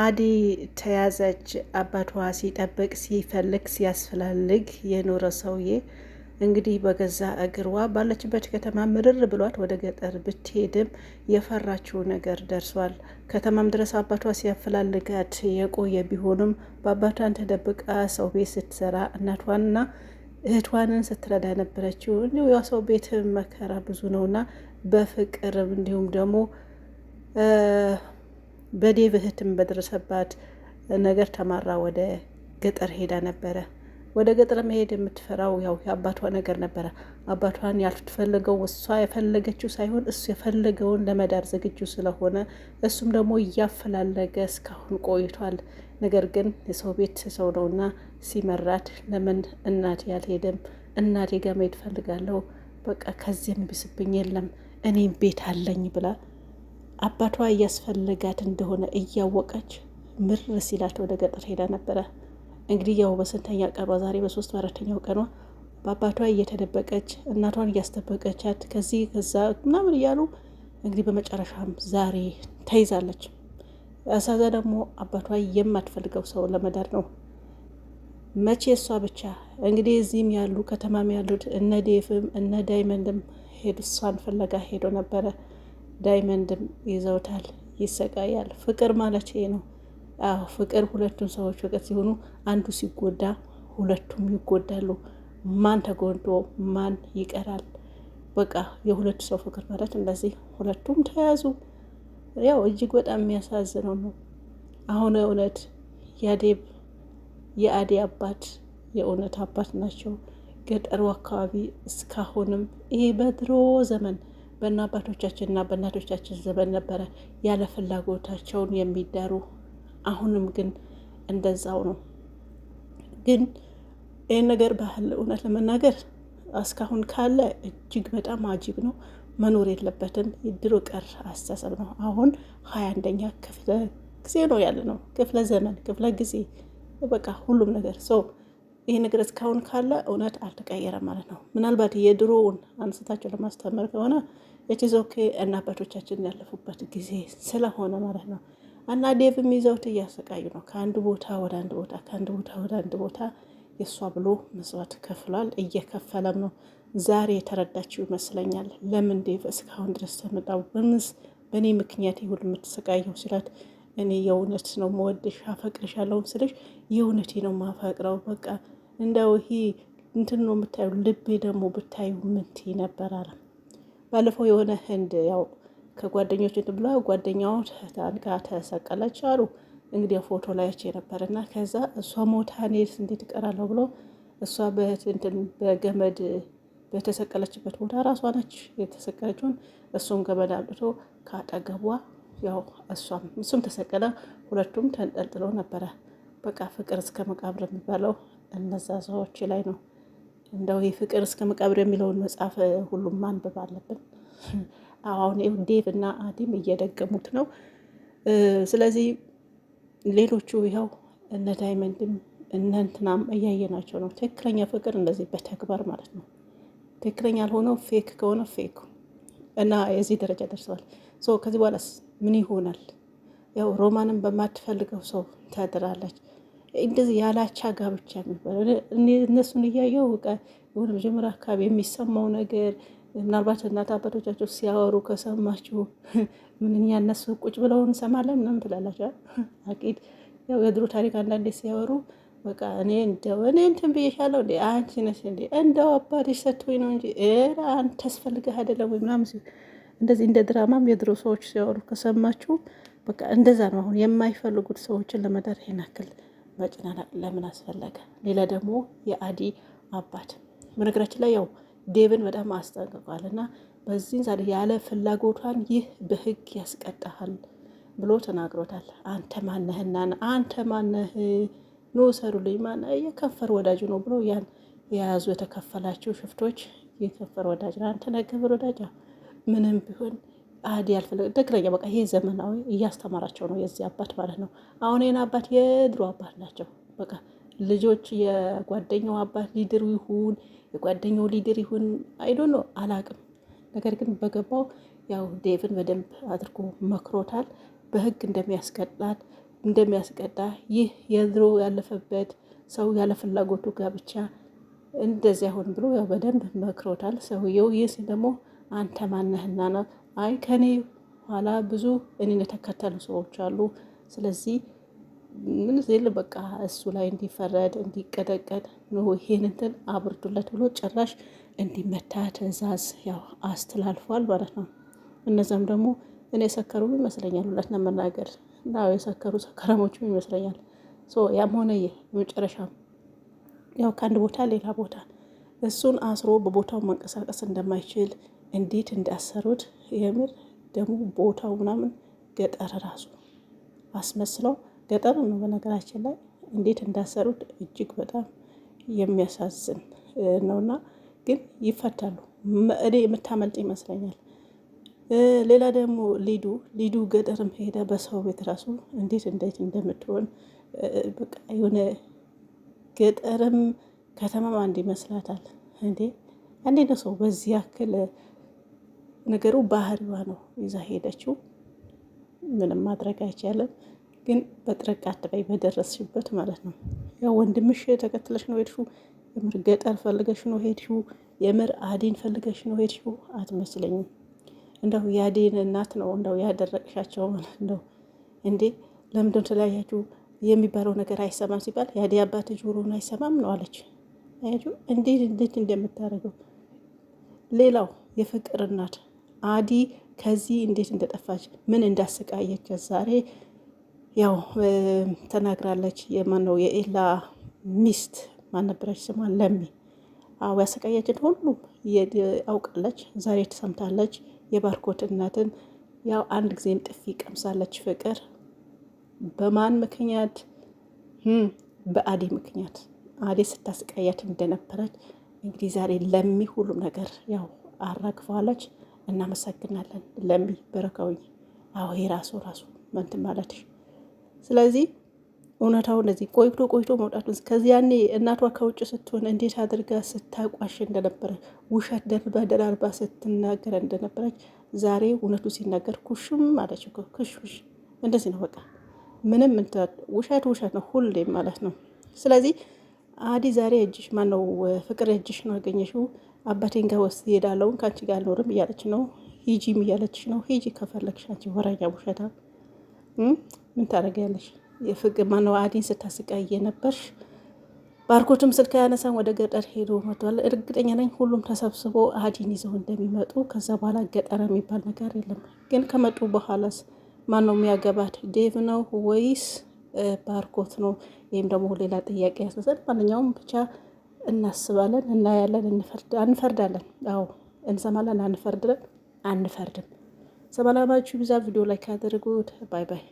አዲ ተያዘች። አባቷ ሲጠብቅ ሲፈልግ ሲያስፈላልግ የኖረ ሰውዬ እንግዲህ በገዛ እግርዋ ባለችበት ከተማ ምርር ብሏት ወደ ገጠር ብትሄድም የፈራችው ነገር ደርሷል። ከተማም ድረስ አባቷ ሲያፈላልጋት የቆየ ቢሆንም በአባቷን ተደብቃ ሰው ቤት ስትሰራ እናቷንና እህቷንን ስትረዳ ነበረችው። እንዲሁ ያው ሰው ቤት መከራ ብዙ ነውና በፍቅር እንዲሁም ደግሞ በዴቭ እህትም በደረሰባት ነገር ተማራ ወደ ገጠር ሄዳ ነበረ። ወደ ገጠር መሄድ የምትፈራው ያው የአባቷ ነገር ነበረ። አባቷን ያልትፈለገው እሷ የፈለገችው ሳይሆን እሱ የፈለገውን ለመዳር ዝግጁ ስለሆነ እሱም ደግሞ እያፈላለገ እስካሁን ቆይቷል። ነገር ግን የሰው ቤት ሰው ነውና ሲመራት ለምን እናቴ ያልሄድም እናቴ ጋር መሄድ እፈልጋለሁ። በቃ ከዚህ የሚብስብኝ የለም እኔም ቤት አለኝ ብላ አባቷ እያስፈለጋት እንደሆነ እያወቀች ምር ሲላት ወደ ገጠር ሄዳ ነበረ። እንግዲህ ያው በስንተኛ ቀኗ ዛሬ በሶስት በአራተኛው ቀኗ በአባቷ እየተደበቀች እናቷን እያስጠበቀቻት ከዚህ ከዛ ምናምን እያሉ እንግዲህ በመጨረሻም ዛሬ ተይዛለች። እሳዛ ደግሞ አባቷ የማትፈልገው ሰው ለመዳር ነው። መቼ እሷ ብቻ እንግዲህ እዚህም ያሉ ከተማም ያሉት እነ ዴፍም እነ ዳይመንድም ሄዱ እሷን ፍለጋ ሄዶ ነበረ። ዳይመንድም ይዘውታል። ይሰቃያል። ፍቅር ማለት ይሄ ነው። አዎ ፍቅር፣ ሁለቱም ሰዎች ፍቅር ሲሆኑ አንዱ ሲጎዳ ሁለቱም ይጎዳሉ። ማን ተጎድቶ ማን ይቀራል? በቃ የሁለቱ ሰው ፍቅር ማለት እንደዚህ ሁለቱም ተያዙ። ያው እጅግ በጣም የሚያሳዝነው ነው። አሁን እውነት የአዴብ የአዴ አባት የእውነት አባት ናቸው። ገጠሩ አካባቢ እስካሁንም ይሄ በድሮ ዘመን በእና አባቶቻችንና በእናቶቻችን ዘመን ነበረ ያለ ፍላጎታቸውን የሚዳሩ። አሁንም ግን እንደዛው ነው። ግን ይህን ነገር ባህል እውነት ለመናገር እስካሁን ካለ እጅግ በጣም አጂብ ነው። መኖር የለበትም። ድሮ ቀር አስተሳሰብ ነው። አሁን ሀያ አንደኛ ክፍለ ጊዜ ነው ያለ ነው። ክፍለ ዘመን፣ ክፍለ ጊዜ በቃ ሁሉም ነገር ሰው ይህ ነገር እስካሁን ካለ እውነት አልተቀየረም ማለት ነው። ምናልባት የድሮውን አንስታቸው ለማስተመር ከሆነ ኢትዞኬ እና አባቶቻችን ያለፉበት ጊዜ ስለሆነ ማለት ነው። እና ዴቭም ይዘውት እያሰቃዩ ነው። ከአንድ ቦታ ወደ አንድ ቦታ፣ ከአንድ ቦታ ወደ አንድ ቦታ የእሷ ብሎ መስዋዕት ከፍሏል፣ እየከፈለም ነው። ዛሬ የተረዳችው ይመስለኛል። ለምን ዴቭ እስካሁን ድረስ ተመጣው በምስ በእኔ ምክንያት ይሁን የምትሰቃየው ሲላት እኔ የእውነት ነው መወድሽ ያለውን ስልሽ የእውነቴ ነው ማፈቅረው በቃ እንደው ይሄ እንትን ነው የምታዩ ልቤ ደግሞ ብታዩ ምንት ነበር አለ ባለፈው የሆነ ህንድ ያው ከጓደኞች እንትን ብላ ጓደኛው ታንቃ ተሰቀለች አሉ እንግዲህ ፎቶ ላይ የነበረ እና ከዛ እሷ ሞታ እኔ እንዴት እቀራለሁ ብሎ እሷ በገመድ በተሰቀለችበት ቦታ ራሷ ነች የተሰቀለችውን እሱም ገመድ አምጥቶ ካጠገቧ ያው እሷም እሱም ተሰቀለ። ሁለቱም ተንጠልጥለው ነበረ። በቃ ፍቅር እስከ መቃብር የሚባለው እነዛ ሰዎች ላይ ነው። እንደው የፍቅር እስከ መቃብር የሚለውን መጽሐፍ ሁሉም ማንበብ አለብን። አሁን ዴቭ እና አዲም እየደገሙት ነው። ስለዚህ ሌሎቹ ይኸው እነ ዳይመንድም እነ እንትናም እያየናቸው ነው። ትክክለኛ ፍቅር እንደዚህ በተግባር ማለት ነው። ትክክለኛ ያልሆነው ፌክ ከሆነ ፌክ እና የዚህ ደረጃ ደርሰዋል። ከዚህ በኋላስ ምን ይሆናል? ያው ሮማንም በማትፈልገው ሰው ታድራለች። እንደዚህ ያላቻ ጋብቻ የሚባለው እነሱን እያየው የሆነ መጀመሪያ አካባቢ የሚሰማው ነገር ምናልባት እናት አባቶቻቸው ሲያወሩ ከሰማችሁ ምንኛ እነሱ ቁጭ ብለው እንሰማለን ምናምን ትላላቸዋል። አቂድ ያው የድሮ ታሪክ አንዳንዴ ሲያወሩ በቃ እኔ እንደው እኔ እንትን ብዬሻለሁ እንዴ አንቺ ነሽ እንዴ እንደው አባትሽ ሰጥቶኝ ነው እንጂ አንተ ታስፈልግህ አይደለም ወይ ምናምን ሲሉ እንደዚህ እንደ ድራማም የድሮ ሰዎች ሲያወሩ ከሰማችሁ በቃ እንደዛ ነው። አሁን የማይፈልጉት ሰዎችን ለመዳር ይሄን ያክል መጨናነቅ ለምን አስፈለገ? ሌላ ደግሞ የአዲ አባት በነገራችን ላይ ያው ዴብን በጣም አስጠንቅቋል እና በዚህን ዛሬ ያለ ፍላጎቷን ይህ በህግ ያስቀጣሃል ብሎ ተናግሮታል። አንተ ማነህና አንተ ማነህ ንውሰዱልኝ ማነ የከንፈር ወዳጅ ነው ብሎ ያን የያዙ የተከፈላቸው ሽፍቶች የከንፈር ወዳጅ አንተ ነህ ወዳጅ ምንም ቢሆን አዲ ያልፈለ ደግነኛ በቃ ይሄ ዘመናዊ እያስተማራቸው ነው የዚህ አባት ማለት ነው። አሁን ይህን አባት የድሮ አባት ናቸው። በቃ ልጆች የጓደኛው አባት ሊድር ይሁን የጓደኛው ሊድር ይሁን አይዶ ነው አላቅም። ነገር ግን በገባው ያው ዴቭን በደንብ አድርጎ መክሮታል። በህግ እንደሚያስቀጣል እንደሚያስቀጣ ይህ የድሮ ያለፈበት ሰው ያለ ፍላጎቱ ጋብቻ እንደዚያ ሆን ብሎ ያው በደንብ መክሮታል። ሰውየው ይህ ደግሞ አንተ ማነህና ነው? አይ ከኔ ኋላ ብዙ እኔን የተከተሉ ሰዎች አሉ። ስለዚህ ምን ዜል በቃ እሱ ላይ እንዲፈረድ እንዲቀጠቀጥ ነው ይሄን እንትን አብርዱለት ብሎ ጭራሽ እንዲመታ ትዕዛዝ ያው አስተላልፏል ማለት ነው። እነዚያም ደግሞ እኔ የሰከሩ ይመስለኛል፣ እውነት ለመናገር የሰከሩ ሰከረሞችም ይመስለኛል። ያም ሆነ ይህ የመጨረሻ ያው ከአንድ ቦታ ሌላ ቦታ እሱን አስሮ በቦታው መንቀሳቀስ እንደማይችል እንዴት እንዳሰሩት የምር ደግሞ ቦታው ምናምን ገጠር ራሱ አስመስለው ገጠር ነው በነገራችን ላይ እንዴት እንዳሰሩት እጅግ በጣም የሚያሳዝን ነውና፣ ግን ይፈታሉ። እኔ የምታመልጥ ይመስለኛል። ሌላ ደግሞ ሊዱ ሊዱ ገጠርም ሄዳ በሰው ቤት ራሱ እንዴት እንዴት እንደምትሆን በቃ የሆነ ገጠርም ከተማም አንድ ይመስላታል። እንዴ አንዴ ነው ሰው በዚህ ያክል ነገሩ ባህሪዋ ነው ይዛ ሄደችው። ምንም ማድረግ አይቻልም። ግን በጥረቅ አትበይ በደረስሽበት ማለት ነው። ያው ወንድምሽ ተከትለሽ ነው ሄድሽው። የምር ገጠር ፈልገሽ ነው ሄድሽው። የምር አዴን ፈልገሽ ነው ሄድሽው። አትመስለኝም። እንደው የአዴን እናት ነው እንደው ያደረቅሻቸው ማለት እንደው እንዴ ለምንድን ተለያያችሁ የሚባለው ነገር አይሰማም ሲባል የአዴ አባት ጆሮን አይሰማም ነው አለች። እንዴት እንዴት እንደምታደርገው ሌላው የፍቅር እናት አዲ ከዚህ እንዴት እንደጠፋች ምን እንዳሰቃየቻት ዛሬ ያው ተናግራለች። የማነው የኤላ ሚስት ማን ነበረች ስሟ? ለሚ አዎ፣ ያሰቃያችን ሁሉ አውቃለች። ዛሬ ትሰምታለች። የባርኮት እናትን ያው አንድ ጊዜም ጥፊ ቀምሳለች። ፍቅር በማን ምክንያት? በአዴ ምክንያት አዴ ስታሰቃያት እንደነበረች እንግዲህ ዛሬ ለሚ ሁሉም ነገር ያው አራግፈዋለች። እናመሰግናለን። ለሚ በረከውኝ አዎ የራሱ ራሱ መንት ማለትሽ ስለዚህ እውነታው እንደዚህ ቆይቶ ቆይቶ መውጣቱን ከዚህ ያኔ እናቷ ከውጭ ስትሆን እንዴት አድርጋ ስታቋሽ እንደነበረ ውሸት ደርባ ደራርባ ስትናገር እንደነበረች ዛሬ እውነቱ ሲናገር ኩሽም አለች እኮ እንደዚህ ነው በቃ ምንም ውሸት ውሸት ነው ሁሌም ማለት ነው። ስለዚህ አዲ ዛሬ እጅሽ ማነው ፍቅር እጅሽ ነው ያገኘሽው አባቴን ጋር ወስ ሄዳለውን ከአንቺ ጋር አልኖርም እያለች ነው። ሂጂም እያለችሽ ነው። ሂጂ ከፈለግሽ አንቺ ወራኛ ውሸታ ምን ታደርጊያለሽ? የፍቅር ማነው አዲን ስታስቃይ የነበርሽ። ባርኮትም ስልክ ያነሳን ወደ ገጠር ሄዶ መጥቷል። እርግጠኛ ነኝ ሁሉም ተሰብስቦ አዲን ይዘው እንደሚመጡ። ከዛ በኋላ ገጠር የሚባል ነገር የለም። ግን ከመጡ በኋላስ ማነው የሚያገባት? ዴቭ ነው ወይስ ባርኮት ነው? ይህም ደግሞ ሌላ ጥያቄ ያስነሳል። ማንኛውም ብቻ እናስባለን፣ እናያለን፣ አንፈርዳለን። አዎ እንሰማለን፣ አንፈርድም፣ አንፈርድም። ሰላማችሁ ብዛ። ቪዲዮ ላይ ካደረጉት ባይ ባይ